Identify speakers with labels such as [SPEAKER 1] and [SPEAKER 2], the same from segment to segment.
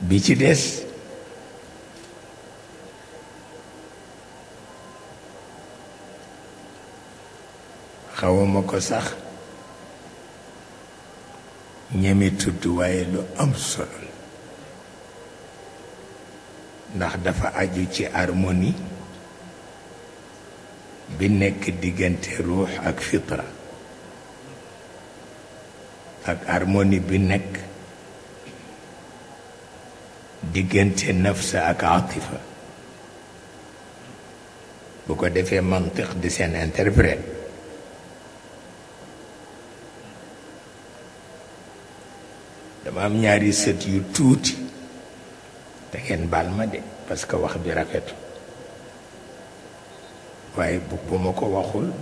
[SPEAKER 1] bi ci des xawama ko sax ñeme tudd waaye lu am solo ndax dafa aju ci harmonie bi nekk diggante ruux ak fitra ak harmonie bi nekk diggante nafsa ak atifa bu ko defee mantiq di seen interprète dama am ñaari sët yu tuuti te ngeen baal ma de parce que wax bi rafetu waaye bu bu ma ko waxul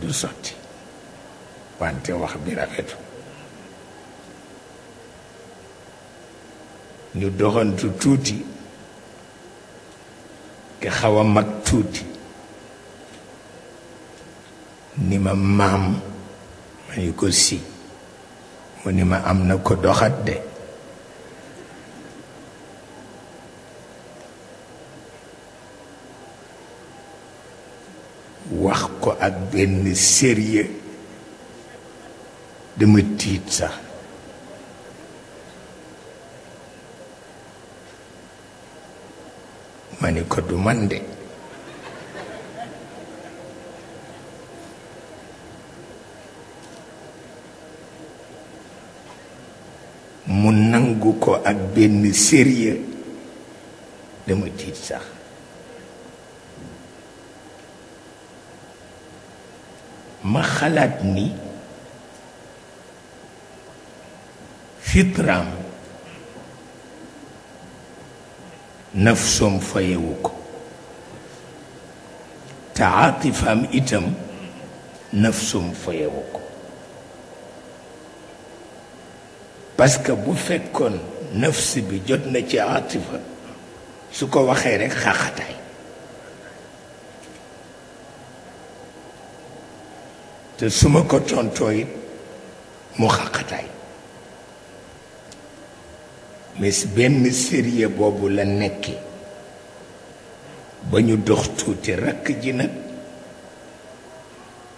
[SPEAKER 1] du sotti wante wax bi rafetu ñu doxantu tuuti ki xaw a mag tuuti ni ma maam ma ñu ko si mu ni ma am na ko doxat de wax ko ak benn sérieux dama tiit sax ni ko du man de mu nangu ko ak benn sérieux dama tiit sax ma xalaat ni fitram nafsom fayewu ko taatifaam itam nafsom fayewu ko parce que bu fekkoon nafs bi jot na ci aatifa su ko waxee rek xaaxataay te su ma ko tontoo it mu xaaxataay mais benn sérieux boobu la nekki ba ñu dox tuuti rakk ji nag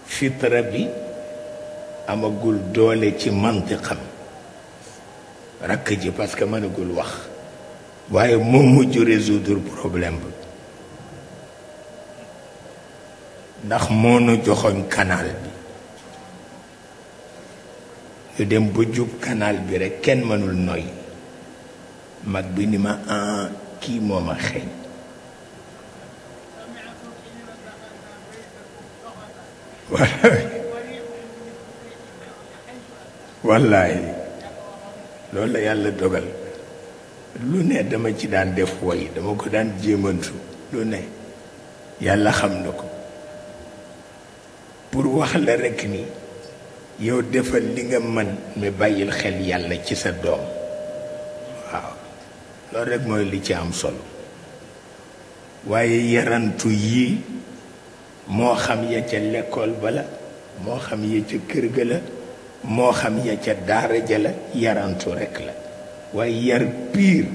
[SPEAKER 1] fitra bi amagul doole ci mantiqam rakk ji parce que mënagul wax waaye moo mujj résoudre problème bi ndax moo nu joxoñ canal bi ñu dem ba jub canal bi rekk kenn mënul noyyi مات بيني ما ان كي مو ما خين والله لولا يالا دوغال لوني ني داما سي دان ديف واي داما كو دان جيمانتو لو ني يالا خام نكو بور واخال رك ني يو ديفال ليغا مان مي بايل خيل يالا سي سا دوم واو loolu rek mooy li ci am solo waaye yarantu yii moo xam ya ca lekkool ba la moo xam ya ca kër ga la moo xam ya ca daara ja la yarantu rekk la waaye yar piir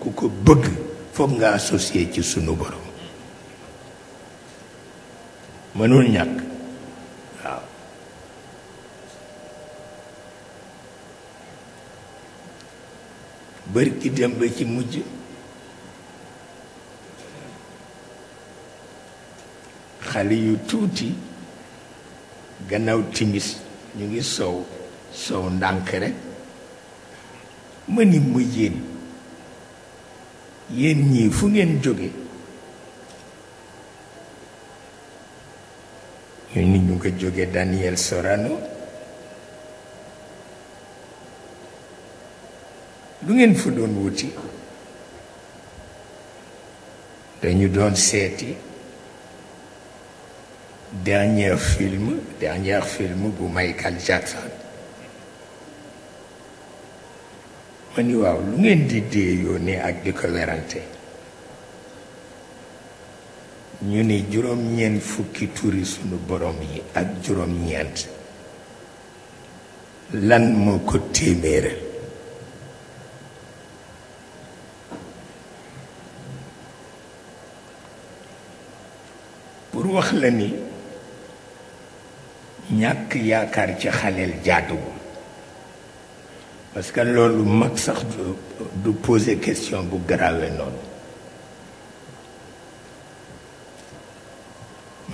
[SPEAKER 1] ku ko bëgg foog nga associé ci sunu borom mënul ñàkk bari ki dem ci mujj xale yu tuuti gannaaw timis ñu ngi sow sow ndànk rek ma ni ma yéen yéen ñii fu ngeen jóge ñu ni ñu nga jóge Daniel Sorano lu ngeen fa doon wuti dañu doon seeti dernier film dernier film bu Michael Jackson ma ni waaw lu ngeen di dee yónnee ak di ko werante ñu ni juróom-ñeent fukki turi sunu borom yi ak juróom-ñeent lan moo ko téeméeral wax la ni ñàkk yaakaar ci xaleel jaaduwul parce que loolu mag sax du poser question bu grave noonu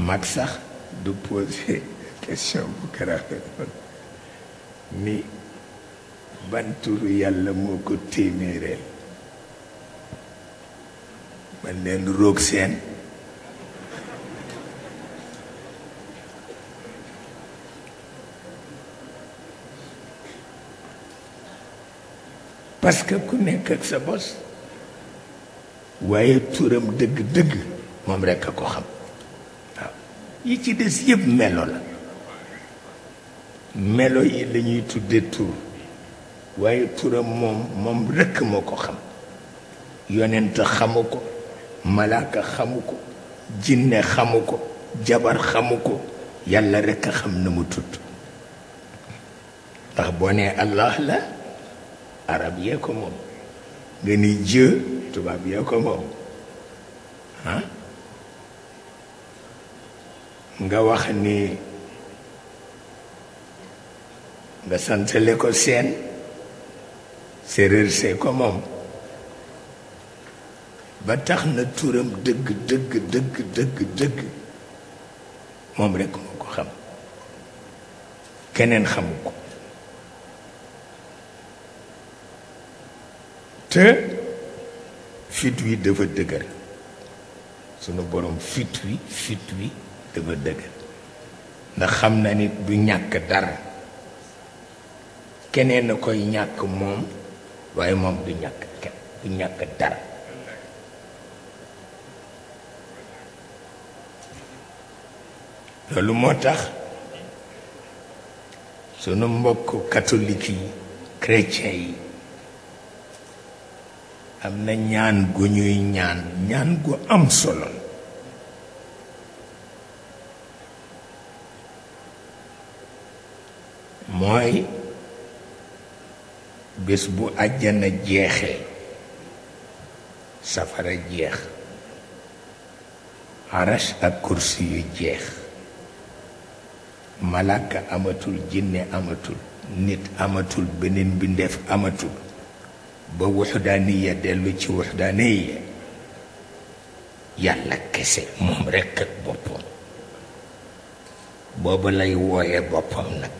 [SPEAKER 1] mag sax du poser question bu grave noonu ni banturu yàlla moo ko téeméereel man leen roog seen parce que ku nekk ak sa bos waaye turam dëgg-dëgg moom rekk a ko xam waaw yi ci des yëpp melo la melo yi la ñuy tuddee tur waaye turam moom moom rekk moo ko xam yonent xamu ko malaaka xamu ko jinne xamu jabar xamu yàlla rek a xam na mu tudd ndax boo allah la arab yee ko moom nga ni jë tubaab yee ko moom nga wax ni nga santale ko seen séeréer see ko moom ba tax na turam dëgg dëgg dëgg dëgg dëgg moom rekk moo ko xam keneen xamu ko te fit wi dafa dëgër sunu borom fit wi fit wi dafa dëgër ndax xam na nit du ñàkk dara keneen a koy ñàkk moom waaye moom du ñàkk kenn du ñàkk dara loolu moo tax sunu mbokk catholique yi chrétien yi am na ñaan gu ñuy ñaan ñaan gu am solo mooy bés bu àjjana jeexee safara jeex arash ak kursi yu jeex malaka amatul jinne amatul nit amatul beneen mbindeef amatul ba wuxdaaniya dellu ci wuxdaaniya yàlla kese moom rekk ak boppam booba lay wooye boppam nag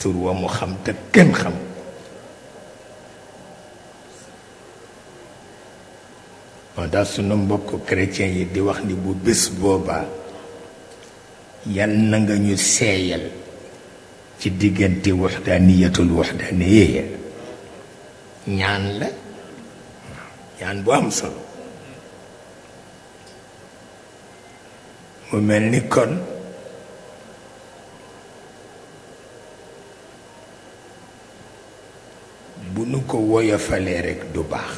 [SPEAKER 1] tur wa mu xam te kenn xam moo tax sunu mbokk chrétien yi di wax ni bu bés booba yal na nga ñu seeyal ci diggante waxdaaniyatul waxdaaniya ñaan la ñaan bu am solo mu mel ni kon bu nu ko woyofalee rekk du baax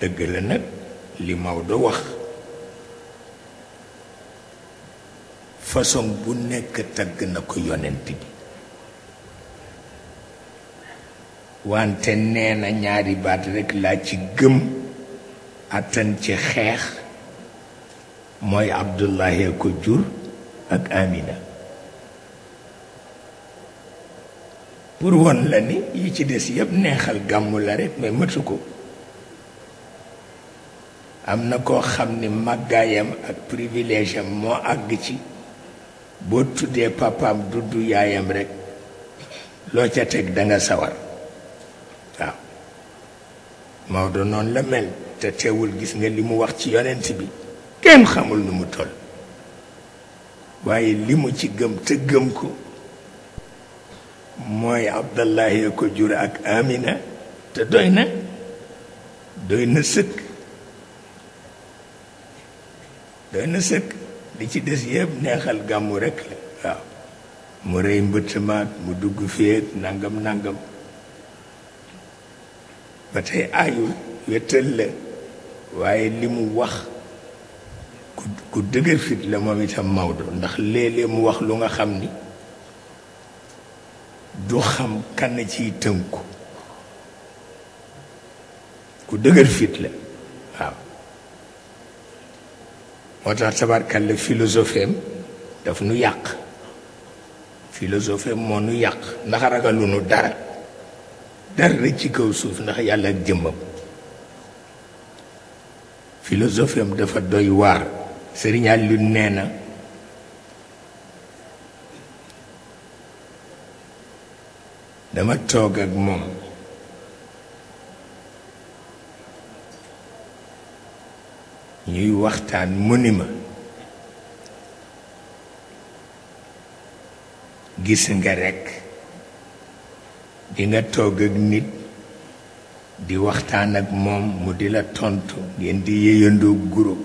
[SPEAKER 1] dëgg la nag li Maodo wax façon bu nekk tagg na ko yonent bi wante nee na ñaari baat rekk laa ci gëm àttan ci xeex mooy Abdullahi ko jur ak Amina pour won la ni yi ci des yëpp neexal gàmmu la rekk mais mëtu ko am na koo xam ni màggaayam ak privilège am moo àgg ci boo tuddee papaam dudd yaayam rekk loo ca teg danga sawar waaw Maodo noonu la mel te teewul gis nga li mu wax ci yonent bi kenn xamul nu mu toll waaye li mu ci gëm te gëm ko mooy Abdallahi ko jur ak Amina te doy na doy na sëkk doy na sëkk li ci des yëpp neexal gàmmu rekk la waaw mu rëy mbëtt mu dugg féeg nangam nangam batay tey aayul wettal la waaye li mu wax ku dëgër fit la moom itam mawdo ndax léeg-léeg mu wax lu nga xam ni du xam kan ci tënku ku dëgër fit la waaw moo tax tabarkal la philosophème daf nu yàq philosophème moo nu yàq ndax ragalu nu dara dara ci kaw suuf ndax yàlla ak jëmmam philosophie am dafa doy waar Serigne Alioune nee na dama toog ak moom ñuy waxtaan mu ni ma gis nga rekk di toog ak nit di waxtaan ak moom mu di la tontu ngeen di yëyandoo guro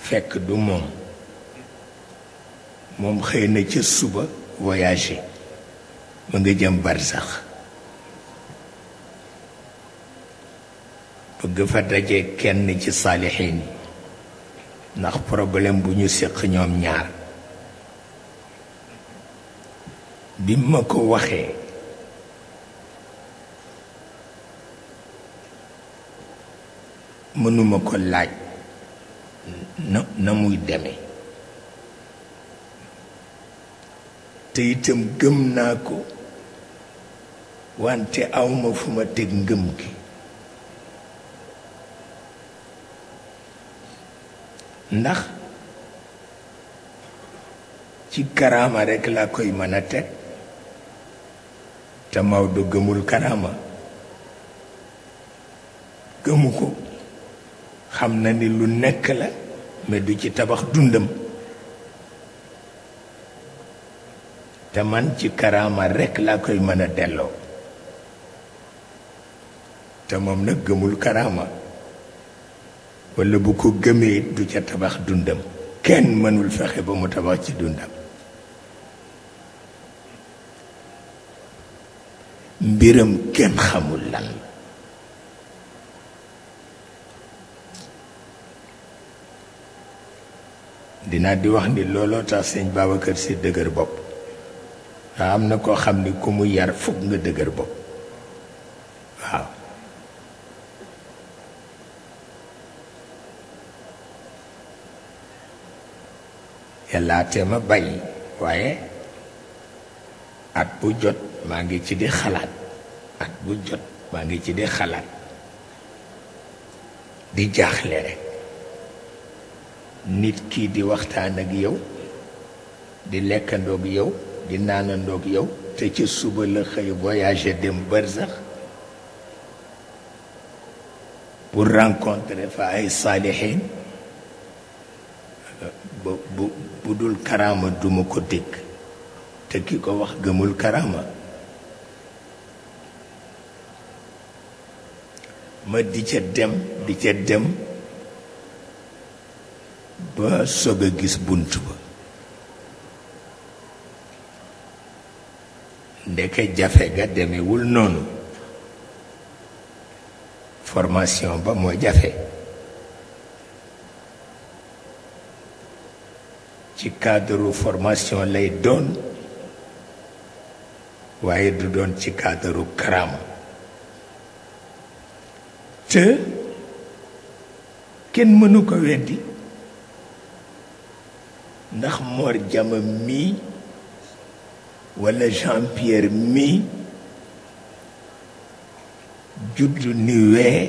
[SPEAKER 1] fekk du moom moom xëy na ca suba voyagé mu nga jëm barsax bëgg fa daje kenn ci saalixiin ndax problème bu ñu séq ñoom ñaar bi ma ko waxee mënuma ko laaj na na muy demee te itam gëm naa ko wante awma fu ma teg ngëm gi ndax ci karama rekk laa koy mëna teg te Maodo gëmul karaama gëmu ko xam na ni lu nekk la mais du ci tabax dundam te man ci karaama rekk laa koy mëna a delloo te moom nag gëmul karaama walla bu ko gëmee du ca tabax dundam kenn mënul fexe ba mu tabax ci dundam mbiram kenn xamul lan dina di wax ni looloo tax sëñ kër si dëgër bopp waaw am na koo xam ni ku mu yar foog nga dëgër bopp waaw yàllaa te ma bay waaye at bu jot maa ngi ci di xalaat at bu jot maa ngi ci di xalaat di jaaxle rekk nit kii di waxtaan ak yow di lekkandoog yow di naanandoog yow te ca suba la xëy voyager dem barsax pour rencontrer fa ay saalixiin bu bu bu dul karaama duma ko dégg te ki ko wax gëmul karaama ma di ca dem di ca dem ba soog a gis bunt ba ndeke jafe nga demewul noonu formation ba moo jafe ci cadre formation lay doon waaye du doon ci kaadaru karaama te kenn mënu ko weddi ndax Mor Diama mii walla Jean Pierre mii juddu ni wee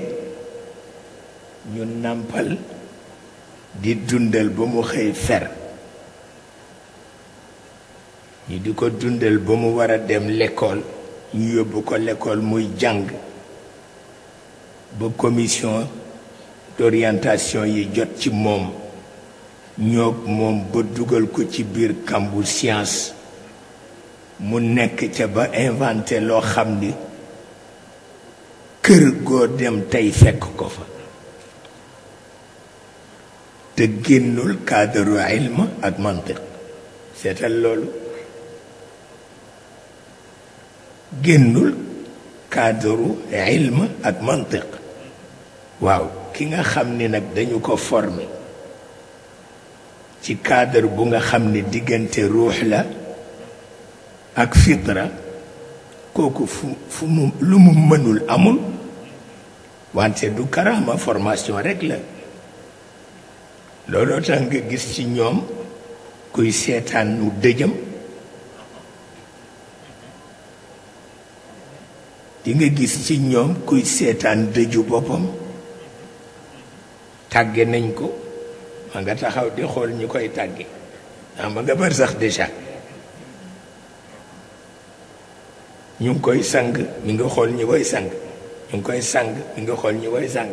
[SPEAKER 1] ñu nàmpal di dundal ba mu xëy fer ñu di ko dundal ba mu war dem lekkool ñu yóbbu ko lekkool muy jàng ba commission d'orientation yi jot ci mom ñok mom ba duggal ko ci bir kambu science mu nekk ci ba inventé lo xamni kër dem tay fekk ko fa te génnul cadre ilma ak mantiq seetal lolu génnul cadre ilma ak mantiq waaw ki nga xam ni nag dañu ko former ci kaadar bu nga xam ni diggante ruux la ak fitra kooku fu fu mu lu mu mënul amul wante du karaama formation rekk la looloo nga gis ci ñoom kuy seetaan nu dëjëm di nga gis ci ñoom kuy seetaan dëju boppam tàgge nañ ko ma nga taxaw di xool ñu koy tàgge ah ma nga bër sax déjà ñu ngi koy sang mi nga xool ñu koy sang ñu ngi koy sang mi nga xool ñu koy sang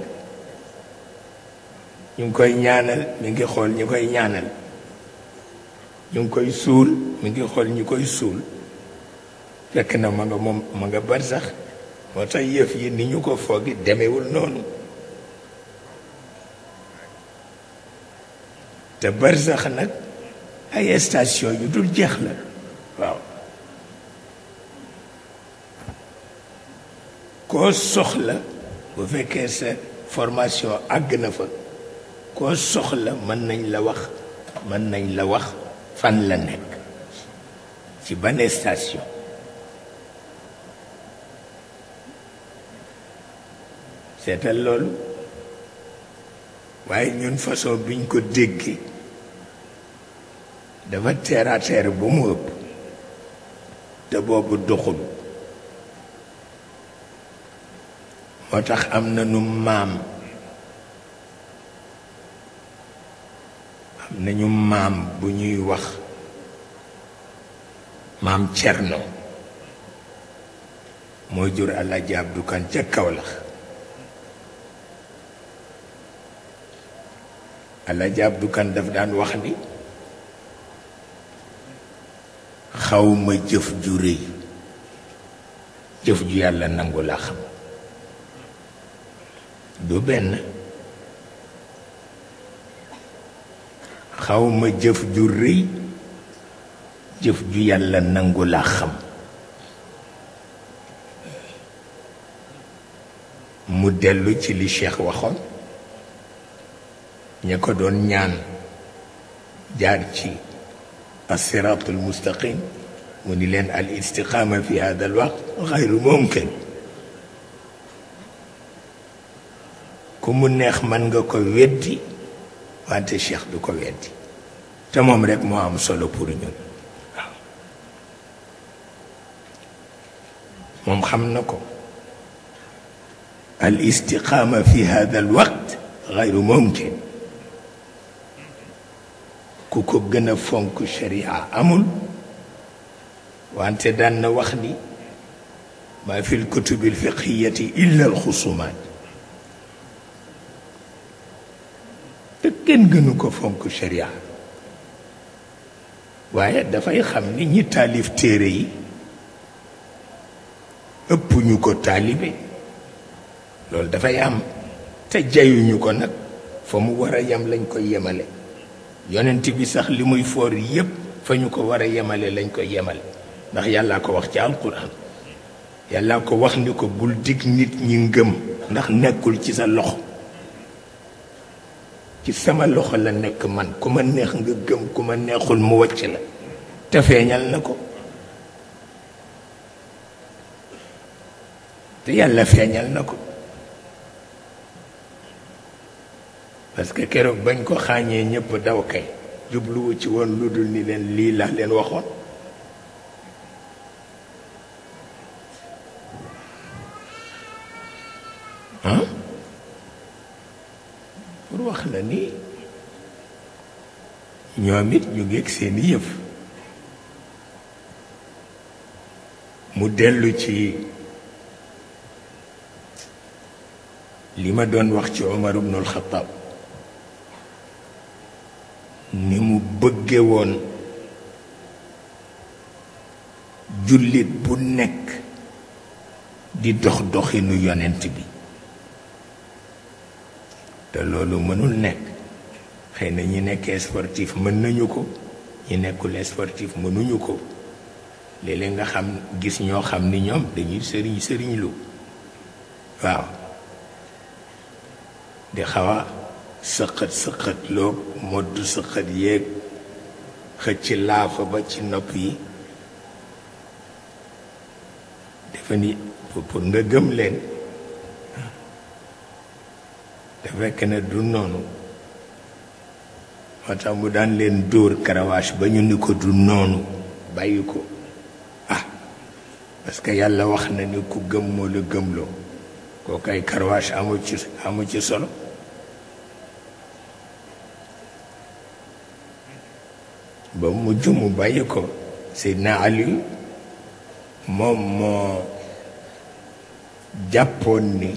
[SPEAKER 1] ñu ngi koy ñaanal mi ngi xool ñu koy ñaanal ñu ngi koy suul mi ngi xool ñu koy suul fekk na ma nga moom ma nga bar sax moo tax yëf yi ni ñu ko foogi demewul noonu te barsax nag ay station yu dul jeex la waaw koo soxla bu fekkee sa formation àgg na fa koo soxla mën nañ la wax mën nañ la wax fan la nekk ci ban station seetal loolu waaye ñun façon biñ ko déggi dafa terre bu mu ëpp te boobu doxul moo tax am na nu maam am nañu maam bu ñuy wax maam Cerno mooy jur Alaaji Abdu Kan ca Kawlax Alaaji Abdu Kan daf daan wax ni xawma jëf ju rëy jëf ju yàlla nangu laa xam xawma jëf ju jëf ju yàlla nangu laa mu dellu ci li Cheikh waxoon ña ko doon ñaan jaar ci الصراط المستقيم ونلين الاستقامة في هذا الوقت غير ممكن كم نيخ من كو ويدي وانت الشيخ دو كو ويدي تمام رك مو ام سولو بور نيون موم خم نكو الاستقامة في هذا الوقت غير ممكن ku ko gën a fonk sharia amul wante daan na wax ni ma fi lkutubi alfiqhiyati illa alxusumaat te kenn gënu ko fonk sharia waaye dafay xam ni ñi taalif téere yi ëpp ñu ko taalibe loolu dafay am te jayuñu ko nag fa mu war a yam lañ koy yemale yonenti bi sax limuy for foor fañu ko wara yemale lañ ko yemal ndax yalla ko wax ci alquran yalla ko wax ni ko bul dig nit ñi ngëm ndax nekkul ci sa lox ci sama lox la nekk man ku ma neex nga gëm ku ma neexul mu wàcc la te feñal nako te yàlla feñal nako parce que keroog bañ koo xàññee ñëpp daw kay jubluwu ci woon lu dul ni leen lii laa leen waxoon pour wax la ni ñoom it ñu ngeeg seeni yëf mu dellu ci li ma doon wax ci Omar ibnul Xattaab ni mu bëgge woon jullit bu nekk di dox doxinu yonent bi te loolu mënul nekk xëy na ñi nekk sportif mën nañu ko ñi nekkul sportif mënuñu ko léeg-léeg nga xam gis ñoo xam ni ñoom dañuy sëriñ sëriñ lu waaw di xawa sëqët sëqët loo modd sëqët yéeg xëcc laafa ba ci nopp yi dafa ni pour nga gëm leen te fekk ne du noonu moo tax mu daan leen dóor karawaas ba ñu ni ko du noonu bàyyi ko ah parce que yàlla wax na ni ku gëm moo la gëmloo kooku ay karawaas amu ci ci solo ba mujj mu bàyyi ko Seydina Aliyu moom moo jàppoon ni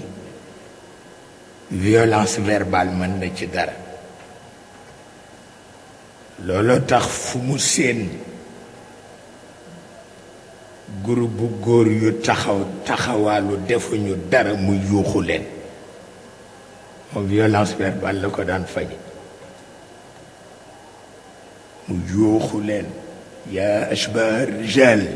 [SPEAKER 1] violence verbale mën na ci dara looloo tax fu mu seen groupe bu góor yu taxaw taxawaalu defuñu dara mu yuuxu leen moom violence verbale la ko daan faje وجوه لين يا أشباه الرجال